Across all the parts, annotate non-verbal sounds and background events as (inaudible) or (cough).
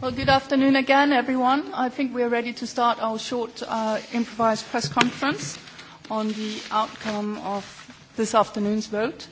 Well, good afternoon again, everyone. I think we are ready to start our short uh, improvised press conference on the outcome of this afternoon's vote.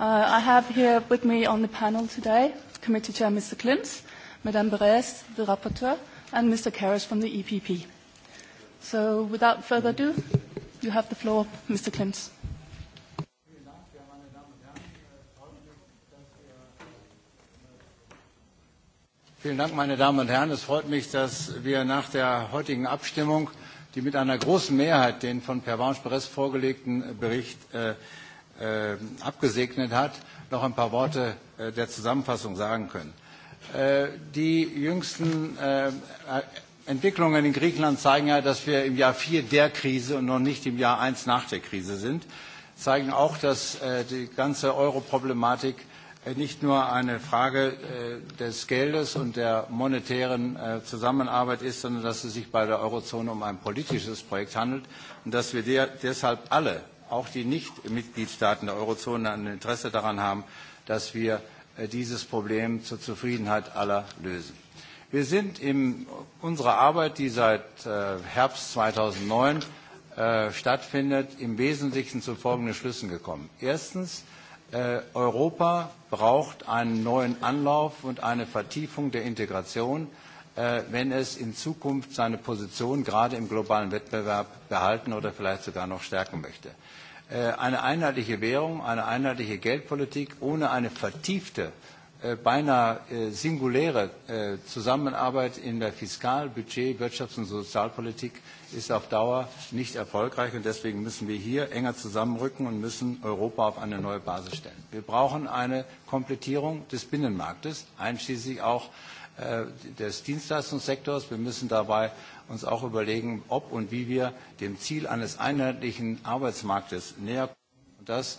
Uh, I have here with me on the panel today Committee Chair Mr. Klintz, Madame Beres, the rapporteur, and Mr. Karras from the EPP. So without further ado, you have the floor, Mr. Klintz. Vielen Dank, meine Damen und Herren. Es freut mich, dass wir nach der heutigen Abstimmung, die mit einer großen Mehrheit den von Pervanche-Bress vorgelegten Bericht äh, äh, abgesegnet hat, noch ein paar Worte äh, der Zusammenfassung sagen können. Äh, die jüngsten äh, äh, Entwicklungen in Griechenland zeigen ja, dass wir im Jahr vier der Krise und noch nicht im Jahr eins nach der Krise sind, zeigen auch, dass äh, die ganze Euro-Problematik äh, Äh, nicht nur eine Frage äh, des Geldes und der monetären äh, Zusammenarbeit ist, sondern dass es sich bei der Eurozone um ein politisches Projekt handelt und dass wir deshalb alle, auch die Nicht-Mitgliedstaaten der Eurozone, ein Interesse daran haben, dass wir dieses Problem zur Zufriedenheit aller lösen. Wir sind in unserer Arbeit, die seit Herbst 2009 stattfindet, im Wesentlichen zu folgenden Schlüssen gekommen. Erstens Äh, Europa braucht einen neuen Anlauf und eine Vertiefung der Integration, äh, wenn es in Zukunft seine Position gerade im globalen Wettbewerb behalten oder vielleicht sogar noch stärken möchte. Äh, eine einheitliche Währung, eine einheitliche Geldpolitik ohne eine vertiefte Äh, beinahe äh, singuläre äh, Zusammenarbeit in der Fiskal-, Budget-, Wirtschafts- und Sozialpolitik ist auf Dauer nicht erfolgreich. Und deswegen müssen wir hier enger zusammenrücken und müssen Europa auf eine neue Basis stellen. Wir brauchen eine Komplettierung des Binnenmarktes, einschließlich auch des Dienstleistungssektors. Wir müssen dabei uns auch überlegen, ob und wie wir dem Ziel eines einheitlichen Arbeitsmarktes näher kommen. Und das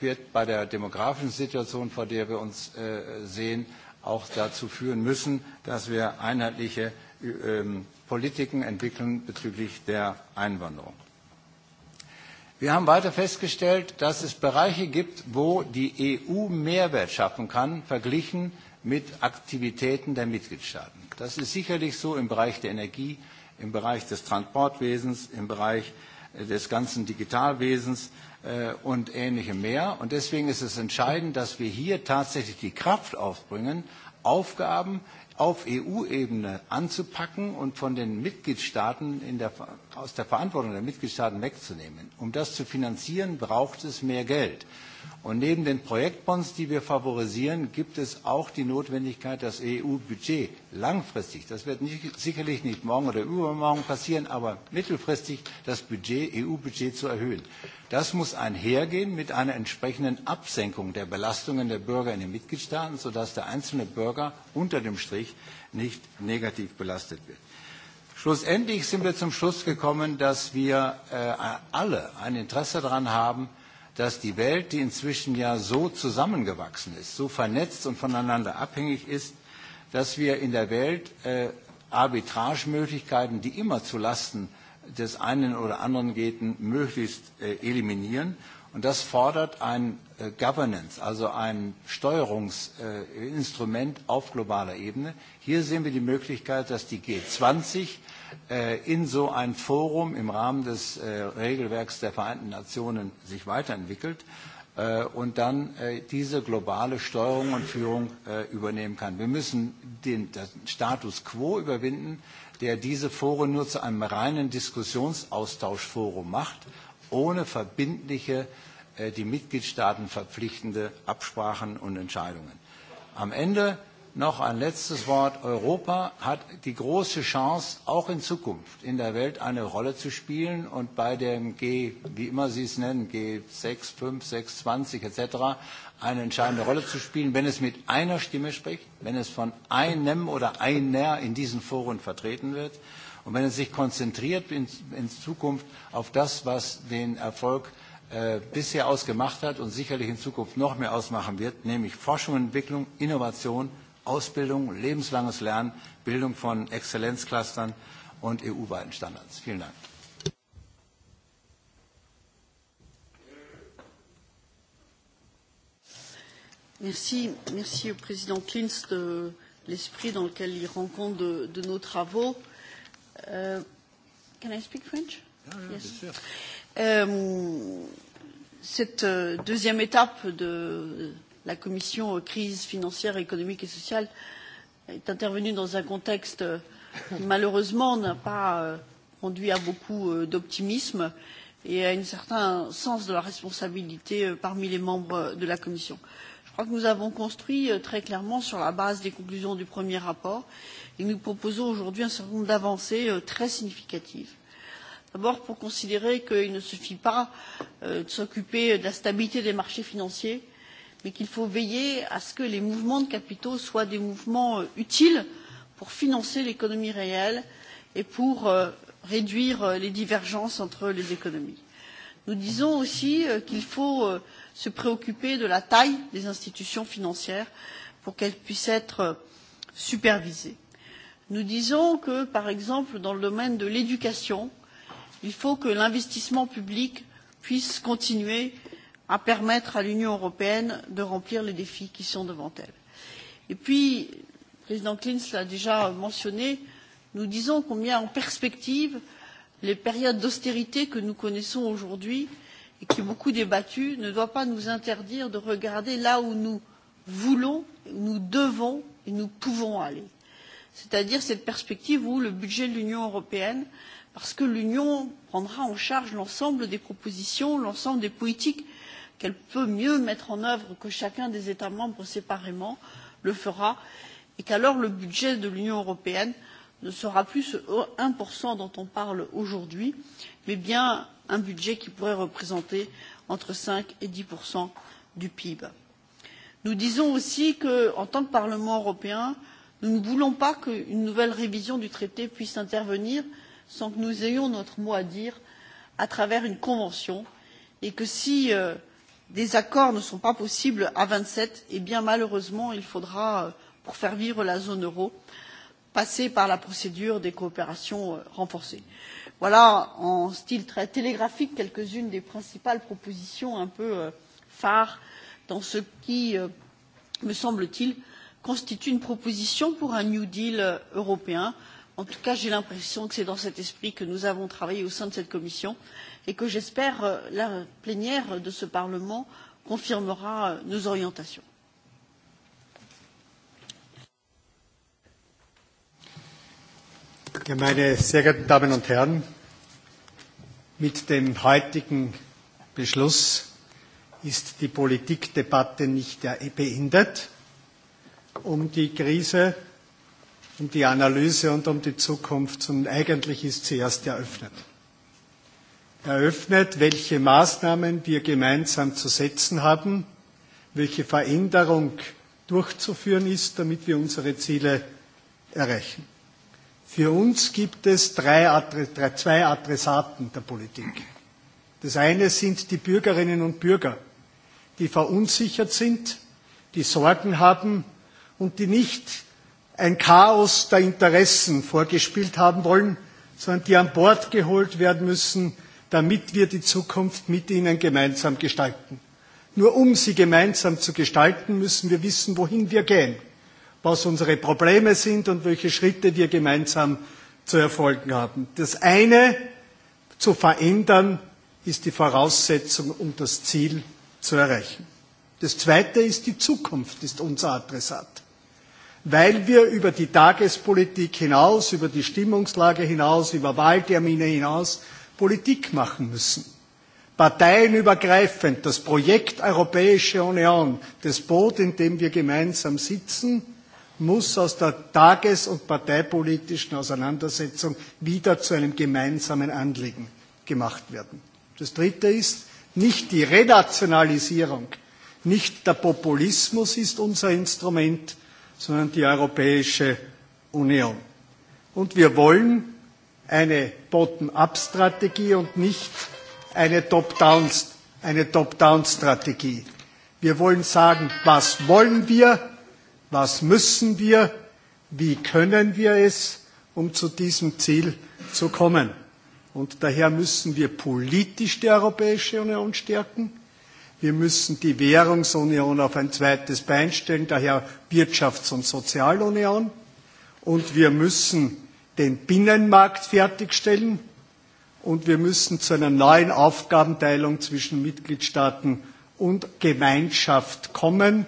wird bei der demografischen Situation, vor der wir uns äh, sehen, auch dazu führen müssen, dass wir einheitliche ähm, Politiken entwickeln bezüglich der Einwanderung. Wir haben weiter festgestellt, dass es Bereiche gibt, wo die EU Mehrwert schaffen kann, verglichen mit Aktivitäten der Mitgliedstaaten. Das ist sicherlich so im Bereich der Energie, im Bereich des Transportwesens, im Bereich des ganzen Digitalwesens äh, und ähnlichem mehr. Und deswegen ist es entscheidend, dass wir hier tatsächlich die Kraft aufbringen, Aufgaben auf EU-Ebene anzupacken und von den Mitgliedstaaten in der, aus der Verantwortung der Mitgliedstaaten wegzunehmen. Um das zu finanzieren, braucht es mehr Geld. Und neben den Projektbonds, die wir favorisieren, gibt es auch die Notwendigkeit, das EU-Budget langfristig, das wird nicht, sicherlich nicht morgen oder übermorgen passieren, aber mittelfristig das EU-Budget EU -Budget e zu erhöhen. Das muss einhergehen mit einer entsprechenden Absenkung der Belastungen der Bürger in den Mitgliedstaaten, sodass der einzelne Bürger unter dem Strich wirklich nicht negativ belastet wird. Schlussendlich sind wir zum Schluss gekommen, dass wir äh, alle ein Interesse daran haben, dass die Welt, die inzwischen ja so zusammengewachsen ist, so vernetzt und voneinander abhängig ist, dass wir in der Welt äh, Arbitragemöglichkeiten, die immer zulasten des einen oder anderen gehen, möglichst äh, eliminieren. Und das fordert ein äh, Governance, also ein Steuerungsinstrument äh, auf globaler Ebene. Hier sehen wir die Möglichkeit, dass die G20 äh, in so ein Forum im Rahmen des äh, Regelwerks der Vereinten Nationen sich weiterentwickelt äh, und dann äh, diese globale Steuerung und Führung äh, übernehmen kann. Wir müssen den, den Status quo überwinden, der diese Foren nur zu einem reinen Diskussionsaustauschforum macht ohne verbindliche, äh, die Mitgliedstaaten verpflichtende Absprachen und Entscheidungen. Am Ende noch ein letztes Wort. Europa hat die große Chance, auch in Zukunft in der Welt eine Rolle zu spielen und bei dem G, wie immer Sie es nennen, G6, 5, 6, 20 etc., eine entscheidende Rolle zu spielen, wenn es mit einer Stimme spricht, wenn es von einem oder einer in diesen Foren vertreten wird. Und wenn es er sich konzentriert in, in Zukunft auf das, was den Erfolg äh, bisher ausgemacht hat und sicherlich in Zukunft noch mehr ausmachen wird, nämlich Forschung, Entwicklung, Innovation, Ausbildung, lebenslanges Lernen, Bildung von Exzellenzclustern und EU-weiten Standards. Vielen Dank. Merci, merci au Président Klinz de l'esprit dans lequel il rencontre de, de nos travaux. Euh, can I speak French? Ah, oui, yes. Bien sûr. Euh, cette euh, deuxième étape de la commission crise financière, économique et sociale est intervenue dans un contexte qui malheureusement n'a pas euh, conduit à beaucoup d'optimisme et à un certain sens de la responsabilité parmi les membres de la commission. Euh, crois que nous avons construit euh, très clairement sur la base des conclusions du premier rapport et nous proposons aujourd'hui un certain nombre d'avancées euh, très significatives. D'abord pour considérer qu'il ne suffit pas euh, de s'occuper de la stabilité des marchés financiers, mais qu'il faut veiller à ce que les mouvements de capitaux soient des mouvements utiles pour financer l'économie réelle et pour réduire les divergences entre les économies. Nous disons aussi qu'il faut euh, se préoccuper de la taille des institutions financières pour qu'elles puissent être euh, supervisées. Nous disons que, par exemple, dans le domaine de l'éducation, il faut que l'investissement public puisse continuer à permettre à l'Union européenne de remplir les défis qui sont devant elle. Et puis, le président Klins l'a déjà mentionné, nous disons combien en perspective les périodes d'austérité que nous connaissons aujourd'hui euh, et qui est beaucoup débattu ne doit pas nous interdire de regarder là où nous voulons, où nous devons et nous pouvons aller. C'est-à-dire cette perspective où le budget de l'Union européenne, parce que l'Union prendra en charge l'ensemble des propositions, l'ensemble des politiques qu'elle peut mieux mettre en œuvre que chacun des États membres séparément le fera, et qu'alors le budget de l'Union européenne ne sera plus ce 1% dont on parle aujourd'hui, mais bien un budget qui pourrait représenter entre cinq et dix du pib. nous disons aussi qu'en tant que parlement européen nous ne voulons pas qu'une nouvelle révision du traité puisse intervenir sans que nous ayons notre mot à dire à travers une convention et que si euh, des accords ne sont pas possibles à vingt sept eh bien malheureusement il faudra euh, pour faire vivre la zone euro passer par la procédure des coopérations euh, renforcées voilà en style très télégraphique quelques unes des principales propositions un peu euh, phares dans ce qui euh, me semble t il constitue une proposition pour un new deal euh, européen. en tout cas j'ai l'impression que c'est dans cet esprit que nous avons travaillé au sein de cette commission et que j'espère la plénière de ce parlement confirmera nos orientations. Ja, meine sehr geehrten Damen und Herren, mit dem heutigen Beschluss ist die Politikdebatte nicht ja, eh beendet. Um die Krise, um die Analyse und um die Zukunft, sondern eigentlich ist sie erst eröffnet. Eröffnet, welche Maßnahmen wir gemeinsam zu setzen haben, welche Veränderung durchzuführen ist, damit wir unsere Ziele erreichen. Für uns gibt es drei, drei, zwei Adressaten der Politik. Das eine sind die Bürgerinnen und Bürger, die verunsichert sind, die Sorgen haben und die nicht ein Chaos der Interessen vorgespielt haben wollen, sondern die an Bord geholt werden müssen, damit wir die Zukunft mit ihnen gemeinsam gestalten. Nur um sie gemeinsam zu gestalten, müssen wir wissen, wohin wir gehen was unsere Probleme sind und welche Schritte wir gemeinsam zu erfolgen haben. Das eine zu verändern ist die Voraussetzung, um das Ziel zu erreichen. Das zweite ist die Zukunft, ist unser Adressat. Weil wir über die Tagespolitik hinaus, über die Stimmungslage hinaus, über Wahltermine hinaus Politik machen müssen. Parteienübergreifend das Projekt Europäische Union, das Boot, in dem wir gemeinsam sitzen, muss aus der tages- und parteipolitischen Auseinandersetzung wieder zu einem gemeinsamen Anliegen gemacht werden. Das Dritte ist, nicht die Renationalisierung, nicht der Populismus ist unser Instrument, sondern die Europäische Union. Und wir wollen eine Bottom-up-Strategie und nicht eine Top-down-Strategie. Top wir wollen sagen, was wollen wir was müssen wir, wie können wir es, um zu diesem Ziel zu kommen. Und daher müssen wir politisch die Europäische Union stärken. Wir müssen die Währungsunion auf ein zweites Bein stellen, daher Wirtschafts- und Sozialunion. Und wir müssen den Binnenmarkt fertigstellen. Und wir müssen zu einer neuen Aufgabenteilung zwischen Mitgliedstaaten und Gemeinschaft kommen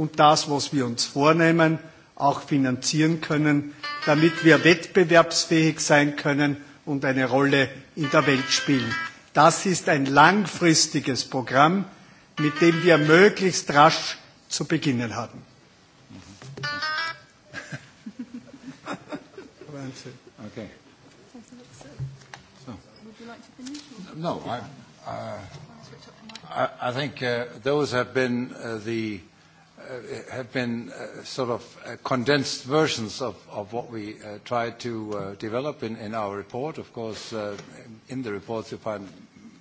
und das, was wir uns vornehmen, auch finanzieren können, damit wir wettbewerbsfähig sein können und eine Rolle in der Welt spielen. Das ist ein langfristiges Programm, mit dem wir möglichst rasch zu beginnen haben. (laughs) Okay. So. No, I, uh, I, I think uh, those have been uh, the Uh, have been uh, sort of uh, condensed versions of, of what we uh, tried to uh, develop in, in our report. Of course, uh, in the reports you find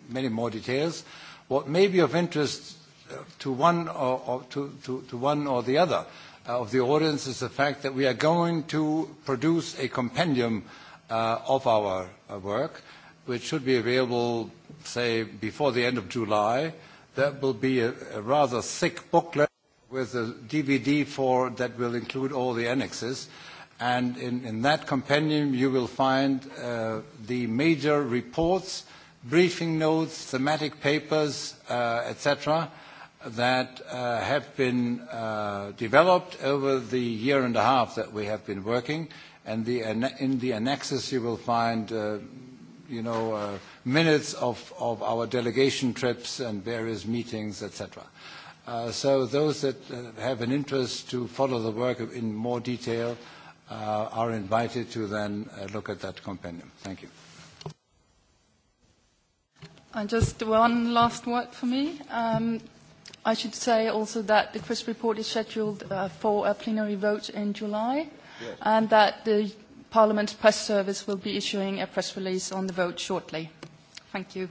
many more details. What may be of interest uh, to one or, or, to, to, to one or the other uh, of the audience is the fact that we are going to produce a compendium uh, of our uh, work, which should be available, say, before the end of July. That will be a, a rather thick booklet with a DVD for that will include all the annexes. And in, in that companion, you will find uh, the major reports, briefing notes, thematic papers, uh, etc., that uh, have been uh, developed over the year and a half that we have been working. And the, in the annexes, you will find, uh, you know, uh, minutes of, of our delegation trips and various meetings, etc. Uh, those that uh, have an interest to follow the work in more detail uh, are invited to then look at that compendium. Thank you. Just one last word for me. Um, I should say also that the CRISP report is scheduled for a plenary vote in July. Yes. That the Parliament Press Service will be issuing a press release on the vote shortly. Thank you.